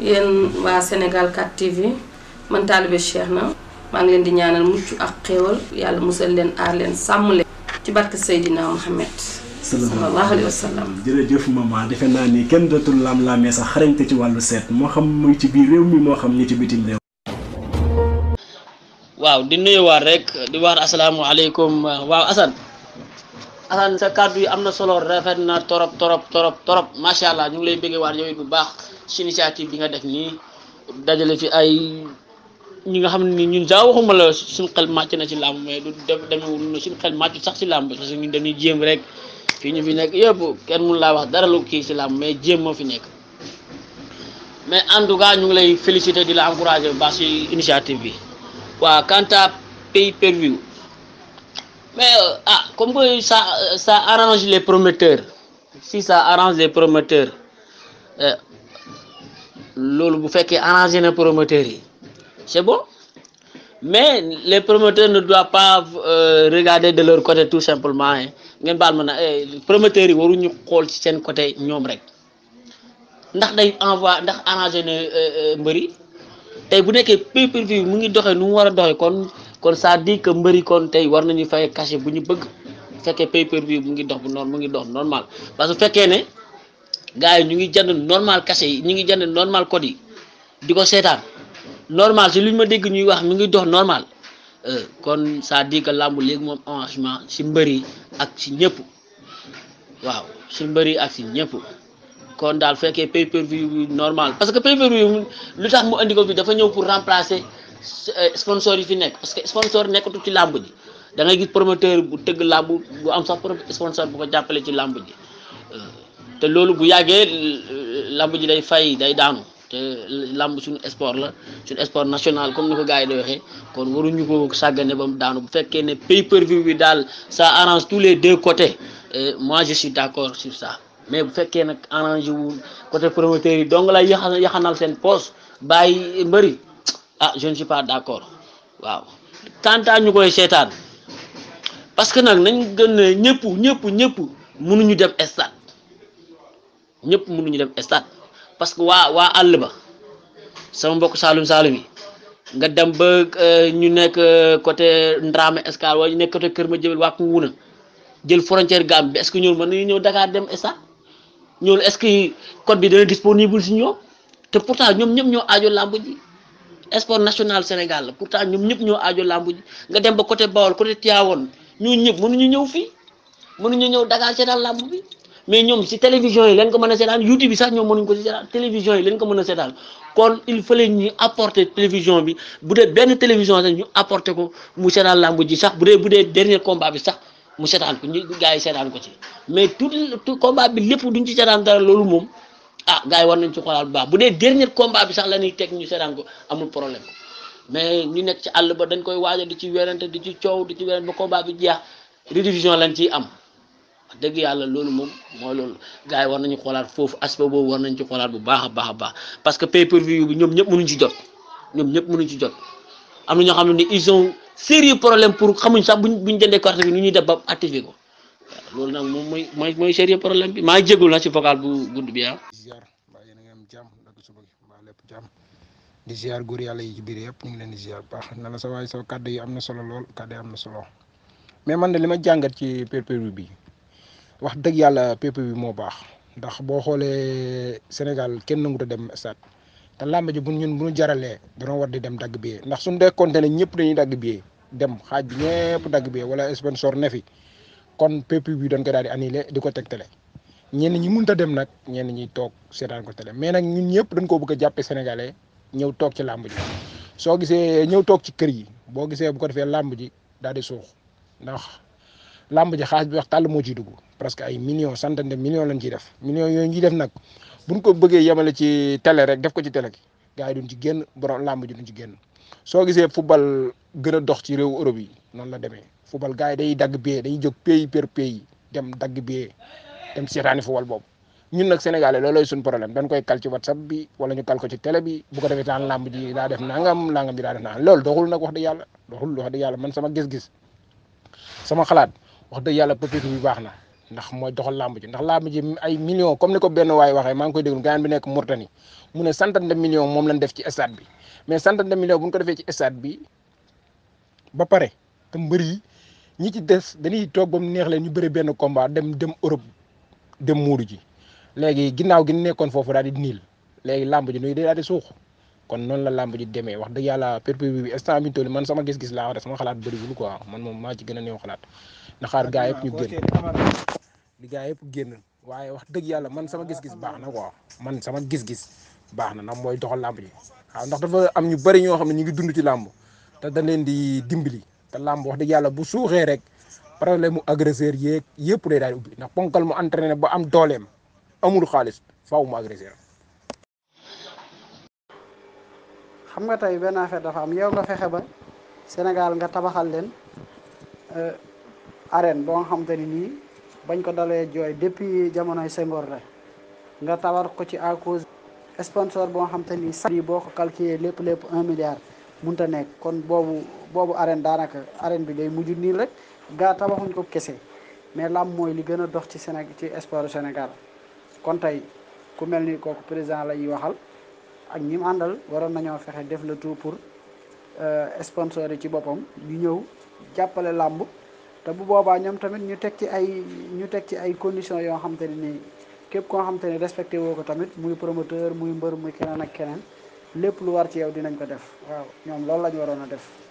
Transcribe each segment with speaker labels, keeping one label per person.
Speaker 1: yéen waa Sénégal 4 TV man taalibe Cheikh na maa ngi leen di ñaanal mucc ak xéewal yàlla musal leen aar leen sàmm leen ci barke Seydina Mohamed
Speaker 2: sallallahu alayhi wa sallam jërëjëf maman defe naa ni kenn dootul laam-laamee sax xarañte ci wàllu seet moo xam mu ngi ci biir réew mi moo xam ni ci bitim réew
Speaker 1: waaw di nuyuwaat rekk di wax asalaamualeykum waaw Assane Assane sa kàddu yi am na solo rafet na torop torop torop torop macha allah ñu ngi lay bëggee waat yow it bu baax ci initiative bi nga def nii dajale fi ay ñi nga xam ne ñun saa waxuma la suñu màcc na ci làmb mais du demewul na suñu xel màccu sax ci làmb parce que ñun dañuy jéem rek ñu fi nekk yëpp kenn mun laa wax dara kii ci làmb mais jéem moo nekk mais en tout ñu ngi lay félicité di la encourager bu baax ci initiative bi waa quant à per view Mais euh, ah, comme ça, euh, ça arrange les prometteurs si ça arrange les promoteurs, euh, promoteurs c'est bon mais les promoteurs ne doivent pas regarder de leur côté tout simplement hein. Les eh, promoteurs yi côté nous ndax day envoi ndax bu mu ngi nu kon sa di ke mbeuri kon tay war nañu fay caché bu ñu bëgg fekkee pay per view mu ngi dox bu normal mu ngi dox normal parce que fekkee ne gaay ñu ngi jënd normal caché ñu ngi jënd normal code yi di ko normal si luñu ma dégg ñuy wax mu ngi dox normal euh, kon sa di ke lamb léegi mom arrangement ci mbeuri ak ci ñëpp waaw ci mbeuri ak ci ñëpp kon dal fekkee pay per view normal parce que pay per view mu andi ko bi dafa ñëw pour remplacer sponsor yi fi nekk parce que sponsor nekkatu ci làmb ji da ngay gis promoteur bu tëgg làmb bu am sax sponsor bu ko jàppale ci làmb ji te loolu bu yàggee làmb ji day fay day daanu te làmb suñu sport la suñu sport national comme ni ko gars yi di waxee kon waruñu ko sàggane ba mu daanu bu fekkee ne pay per view bi daal ça arrange tous les de côtés euh, moi je suis d'accord sur ça mais bu fekkee nag arrangé wu côté promoteur yi dong lay yaxanal seen poste bàyyi mbëri ah je ne suis pas d'accord waaw tanta ñu koy sétane parce que nak nañ gën ñëpp ñëpp ñëpp mënu ñu dem stade ñëpp mënu ñu dem stade parce que wa wa àll ba sama mbokk salum salum yi nga dem ba euh, ñu nekk euh, côté Ndrame Escale wa ñu nekk côté Kër wa ko wuna jël frontière gam bi est-ce ñu mëna ñëw Dakar dem stade ñu est-ce code bi dana disponible ci ñoo te pourtant ñom ñëm ñoo aajo làmb ji sport national Sénégal la pourtant ñoom ñëpp ñoo aajo làmb ji nga dem ba côté Bawol côté Tivaouane ñu ñëpp mënuñu ñëw fii mënuñu ñëw Dakar seetaan làmb bi ñoom si télévision yi leen ko mën a seetaan YouTube bi sax ñoom mënuñu ko si ko mën a seetaan kon il bi bu dee benn télévision sax ñu apporter ko mu seetaan làmb sax bu dee bu dee dernier combat bi sax mu seetaan ko ñu gars yi ko ci mais tout tout combat bi lépp duñ ci seetaan loolu moom. ah gars yi war nañ ci xoolaat bu baax bu dee dernier combat bi sax la teg ñu seetaan ko amul problème mais ñu nekk ci àll ba dañ koy waaja di ci werante di ci coow di ci werante ba combat bi jeex rédivision lañ ciy am wax dëgg yàlla loolu moom mooy loolu gars yi war nañu xoolaat foofu aspect boobu war nañ ci xoolaat bu baax a baax a baax parce que pay per view bi ñoom ñëpp mënuñ ci jot ñoom ñëpp mënuñ ci jot am na ñoo xam ne ils ont sérieux problème pour xamuñ sax buñ buñ jëndee carte bi nu ñuy def ba activé ko loolu nak mom moy moy mooy sérieux problème bi ma jégul na ci vocal bu gudd bi ah. ziar ba yene ngam jam am jàmm naka suba gi mbaa lépp
Speaker 2: di ziar góor yalla yi ci biir yëpp ñu ngi leen di ziar baax na la sa way sa kàddu yi amna solo lool kàddu amna solo mais man de lima jangat ci PPV bi wax dëgg yalla PPV bi mo baax ndax bo xolé Sénégal kenn nangu a dem stade ta lamb ji bu ñun bu ñu jaralé da ron war di dem dag bi ndax suñu décompté ne ñëpp dañuy dag bi dem xaj bi ñëpp dagg bi wala sponsor nefi fi kon pépu bi dañ ko daal annuler diko tek ko teg télé ñenn ñi mënta dem nak ñen ñi tok sétan ko télé mais nak ñun ñëpp dañ ko bëgg jappé sénégalais ñew tok ci lamb ji so gisé ñew tok ci kër yi bo gisé bu ko défé lamb ji daal di suux ndax lamb ji xaj bi wax tal mo ciy dugg presque ay million centaine de millions lañ ci def millions yoy ñi def nak buñ ko bëggé yamalé ci télé rek def ko ci télé gaay duñ ci genn borom lamb ji duñ ci genn so gisé football gëna dox ci réew Europe yi non la démé football gars yi day dagg bee day jóg pays per pays dem dagg bee dem seetaani football boobu ñun nag sénégalais loolooy suñu problème dañ koy kal ci whatsapp bi wala ñu kal ko ci télé bi bu ko defee ta làmb ji daa def nangam nangam ji daa def nangam loolu doxul nag wax dëgg yàlla doxul wax dëgg yàlla man sama gis-gis sama xalaat wax dëgg yàlla peut-être bi baax na ndax mooy doxal làmb ji ndax làmb ji ay millions comme ni ko benn waay waxee maa ngi koy déglu gaan bi nekk Mourtani mu def ci stade bi mais centaine de millions ko defee ci stade bi pare mbër yi ñi ci des dañuy toog ba mu neex leen ñu bëri benn combat dem dem Europe dem muuru ji léegi ginnaaw gi nekkoon foofu daal di niil léegi làmb ji nuyu daal di suux kon noonu la làmb ji demee wax dëgg yàlla perpétuité bi instant bi toll man sama gis-gis laa wax de sama xalaat bëriwul quoi man moom maa ci gën a néew na xaar gaa yëpp ñu génn li gaa yëpp génn waaye wax dëgg yàlla man sama gis-gis baax na quoi man sama gis-gis baax na ndax mooy doxal làmb ji waaw ndax dafa am ñu bari ñoo xam ne ñu ngi dund ci làmb te dañ leen di dimbali. te làmb wax dëgg yàlla bu suuxee rek problème mu agresseur yeeg yëpp day daal ubbi ndax ponkal mu entraîné ba am dooleem amul xaalis faaw mu agresseur
Speaker 3: xam nga tey benn affaire dafa am yow nga fexe ba Sénégal nga tabaxal leen euh, arène boo nga xam te ni nii bañ ko dalee jooy depuis jamonoy Senghor la nga tabax ko ci à cause sponsor boo xam te ni sax boo ko calculé lépp lépp un milliard munta nekk kon boobu boobu arène daanaka arène bi day mujj nii rek gaa tabaxuñ ko kese mais làmb mooy li gën a dox ci Sénégal ci sport Sénégal kon tey ku mel ni kooku président la ñuy waxal ak ñi àndal waroon nañoo fexe def la tout pour euh, sponsor yi ci boppam ñu ñëw jàppale làmb te bu boobaa ñoom tamit ñu teg ci ay ñu teg ci ay conditions yoo xam te ne nii képp koo xam te ne respecté woo ko tamit muy promoteur muy mbër mu keneen ak keneen lépp lu war ci yow dinañ ko def waaw ñoom loolu la ñu waroon a def.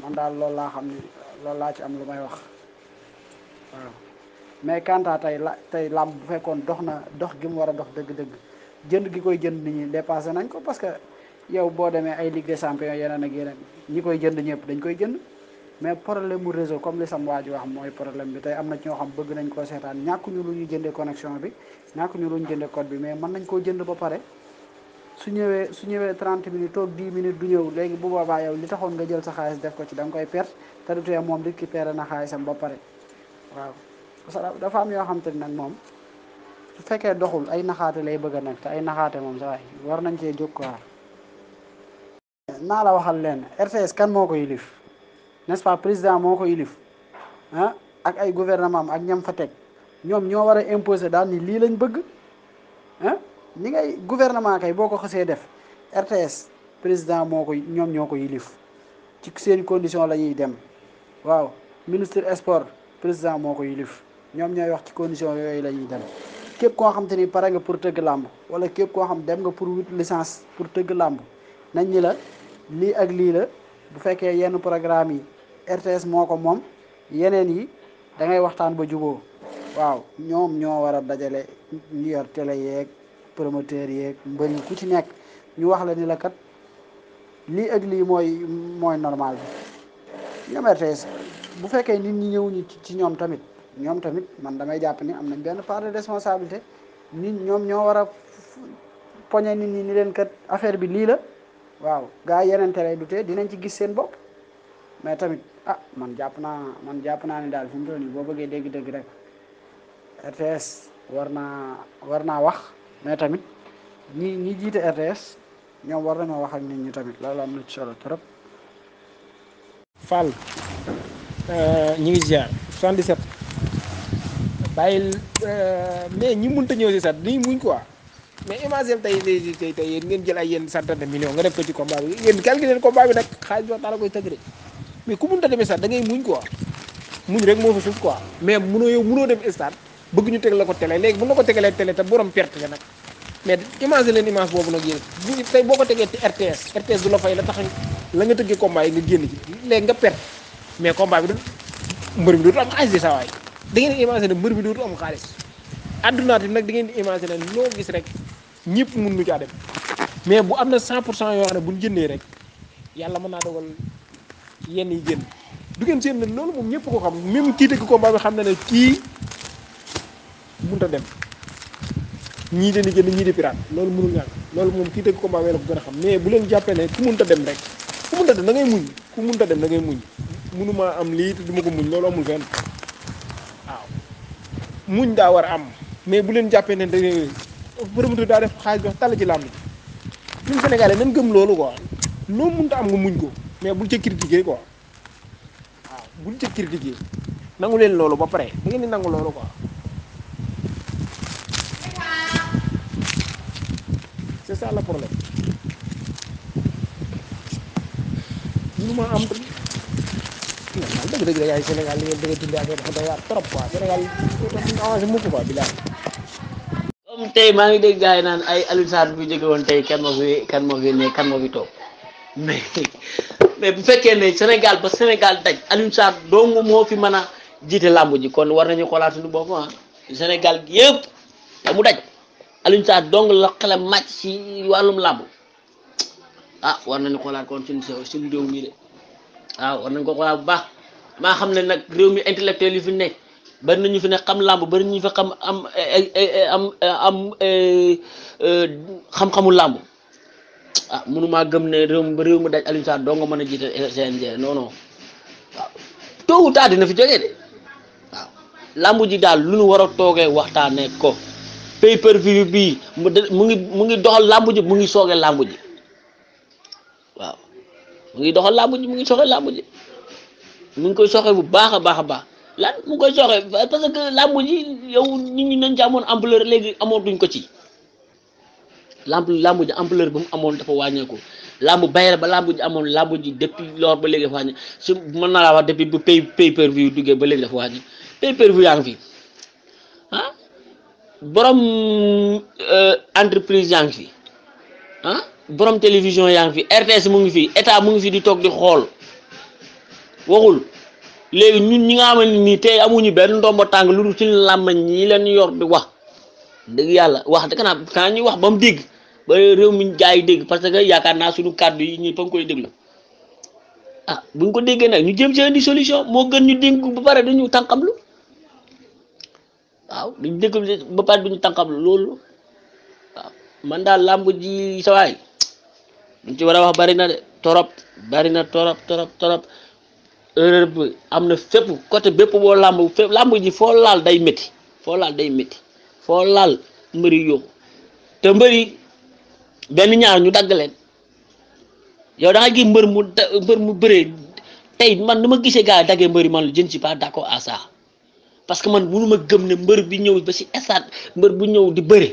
Speaker 3: man daal lool laa xam ni loolu laa ci am lu may wax waaw mais kanta tey la tey làmb bu fekkoon dox na dox gi mu war a dox dëgg-dëgg jënd gi koy jënd ni ñu dépassé nañ ko parce que yow boo demee ay Ligue des champions yeneen ak yeneen ñi koy jënd ñëpp dañ koy jënd mais problème mu réseau comme li waa ji mooy problème bi tey am na ci ñoo xam bëgg nañ koo seetaan ñàkkuñu lu ñu jëndee connexion bi ñàkkuñu lu ñu jëndee code bi mais mën nañ koo jënd ba pare su ñëwee su ñëwee 30 minutes toog 10 minutes du ñëw léegi bu boobaa yow li taxoon nga jël sa xaalis def ko ci da koy perte te du tee moom récupéré na xaalisam ba pare waaw parce dafa am yoo xam te nag moom su fekkee doxul ay naxaate lay bëgg a nag te ay naxaate moom sa waay war nañ cee jóg quoi naa la waxal leen RTS kan moo ko yilif n'est-ce pas président moo ko yilif ah ak ay gouvernement am ak ñam fa teg ñoom ñoo war a imposer daal ni lii lañ bëgg ah? ni ngay gouvernement kay boko xasse def RTS président moko ñom ñoko yilif ci seen condition la dem waaw ministre sport président moko yilif ñom ñay wax ci condition yoy la dem képp ko xamanteni te nga pour teug lamb wala képp ko xam dem nga pour wut licence pour teug lamb nañ ni la li ak li la bu fekke yenn programme yi RTS moko mom yenen yi da ngay waxtaan ba jugo waaw ñom ño wara dajale ñu yor télé yek promoteur yeeg mbër yi ku ci nekk ñu wax la ni la kat lii ak lii mooy mooy normal bi ñoom RTS bu fekkee nit ñi ñëw ñu ci ñoom tamit ñoom tamit man damay jàpp ni am nañ benn part de responsabilité nit ñoom ñoo war a poñe nit ñi ni leen kat affaire bi lii la waaw gaa yeneen télé du tee dinañ ci gis seen bopp mais tamit ah man jàpp naa man jàpp naa ne daal fi mu toll nii boo bëggee dégg-dégg rek RTS war wax mais tamit ñi ñi jiite RTS ñoom war nañoo wax ak nit ñi tamit loolu am na ci solo trop. Fall euh, ñu ngi ziar 77 bàyyil
Speaker 2: euh, mais ñi mënut a ñëw si sax nii muñ quoi mais imagine tey tey tey tey yéen ngeen jël ay yéen centaine de millions nga def ko ci combat bi yéen calculé leen combat bi nag xaalis koy tëgg mais ku mënut a demee sax da ngay muñ quoi muñ rek moo fa suuf quoi mais munoo yow munoo dem stade. bëgg ñu teg la ko télé léegi bu na ko tegalee télé te borom perte nga nag mais image leen image boobu nag yéen bu tey boo ko tegee ci RTS RTS la nga tëggee combat yi nga génn ci léegi nga perte mais combat bi du mbër bi dootu am xaalis di sawaay da ngeen di imaginer mbër bi dootu am xaalis addunaati nag da ngeen di imaginer loo gis rek ñëpp mun nu caa dem mais bu am na cent pour cent yoo xam ne bu ñu jëndee rek yàlla mën naa dogal yenn yi génn du ngeen seen loolu moom ñëpp ko xam même kii tëgg combat bi xam na ne kii munta dem ñi dañu gën ñi di pirate loolu mënul ñak loolu mom kii tëgg combat wee ko gën xam mais bu leen jappé né ku munta dem rek ku munta dem da ngay muñ ku munta dem da ngay muñ mënuma am li te duma ko muñ loolu amul fenn waaw muñ da war am mais bu leen jappé né da ngay promoteur da def xaj jox tal ci lamb ñu sénégalais nañ gëm loolu quoi loo munta am nga muñ ko mais bu ci critiquer quoi waaw bu ci critiquer nangulen lolu ba pare da ngeen ni nangul lolu quoi c'est dëgg dëgg da
Speaker 1: yaay comme tey maa ngi dégg gars yi naan ay Alioune bu jóge woon tey kan moo fi kan moo fi toog mais mais bu fekkee ne Sénégal ba Sénégal daj Alioune Sarr moo fi mën a jiite làmb ji kon war nañu xoolaat suñu bopp ah Sénégal gi yëpp te daj Alioune Sarr dong la xelam màcc ci wàllum làmb ah war nañu xoolaat kon suñu suñu réew de waaw ah, war nañ ko xoolaat bu baax maa xam ne nag réew mi intellectuel yi fi nekk bari nañu fi ne xam làmb bari nañu fi xam am eh, eh, eh, am làmb ah mënumaa gëm ne réew mi réew mi daj Alioune Sarr dong mën a jiite CNG non non waaw dina fi jógee de waaw làmb ji daal lu nu war a waxtaanee ko. paper per view bi mu ngi mu ngi doxal lamb ji mu ngi soge lamb ji waaw mu ngi doxal lamb ji mu ngi soge lamb ji mu ngi koy soxé bu baax a ba lan mu ngi koy soxé parce que lamb ji yow nit ñi nañ ci amone ampleur légui amone duñ ko ci lamb lamb ji ampleur bu mu amone dafa ko lamb bayal ba lamb ji amone lamb ji depuis lor ba légui fañu su mëna la wax depuis bu pay pay per view duggé ba légui dafa wañé pay per view yaang fi borom euh, entreprise yaa ngi fi ah borom télévision yaa ngi fi RTS mu ngi fii état mu ngi fii di toog di xool waxul léegi ñun ñi nga xamante nii tey amuñu benn ndombo tànk lu dul ci làmmañ ñi leen yor di wax dëgg yàlla wax dëgg naa xanaa ñuy wax ba mu dégg ba réew mi jaay dégg parce que yaakaar naa suñu kàddu yi ñëpp a ngi koy déglu ah buñ ko déggee nag ñu jëm ci indi solution moo gën ñu dénk ba pare dañu tànqamlu. waaw dañ déglu ba pat bi ñu tànkam loolu waaw man daal lamb ji sa waay duñ ci war a wax bari na de torop bari na torop torop torop erreur bi am na fépp côté bépp boo lamb fépp lamb ji foo laal day métti foo laal day métti foo laal mbëri yóbbu ya te mbëri benn ñaar ñu dagg leen yow da nga gis mbër mu mbër mu bëree tey man nu ma gisee gaa dagge mbëri man lu jën ci pas d'accord à ça parce que man mënu ma gëm ne mbër bi ñëw ba ci stade mbër bu ñëw di bëri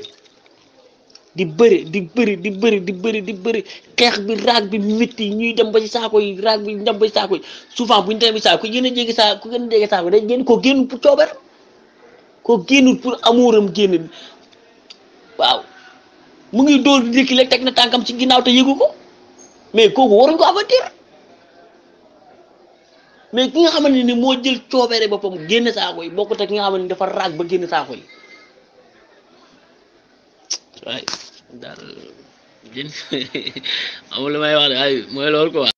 Speaker 1: di bëri di bëri di bëri di bëri di bëri xeex bi raag bi métti ñuy dem ba ci saako yi raag bi dem ba ci saako yi souvent bu ñu demee ba ci saako ku gën a jéggi saako ku gën a jéggi saako day koo génnul pour coobar koo génnul pour amuuram génn waaw mu ngi dóor di dikki rek teg na tànkam ci ginnaaw te yëgu ko mais kooku waruñ ko avertir mais ki nga xamante ni moo jël coobere boppam génn saako yi bokkut ak ki nga xamante ni dafa raag ba génn saako yi waaye daal génn may wax de ay mooy loolu quoi.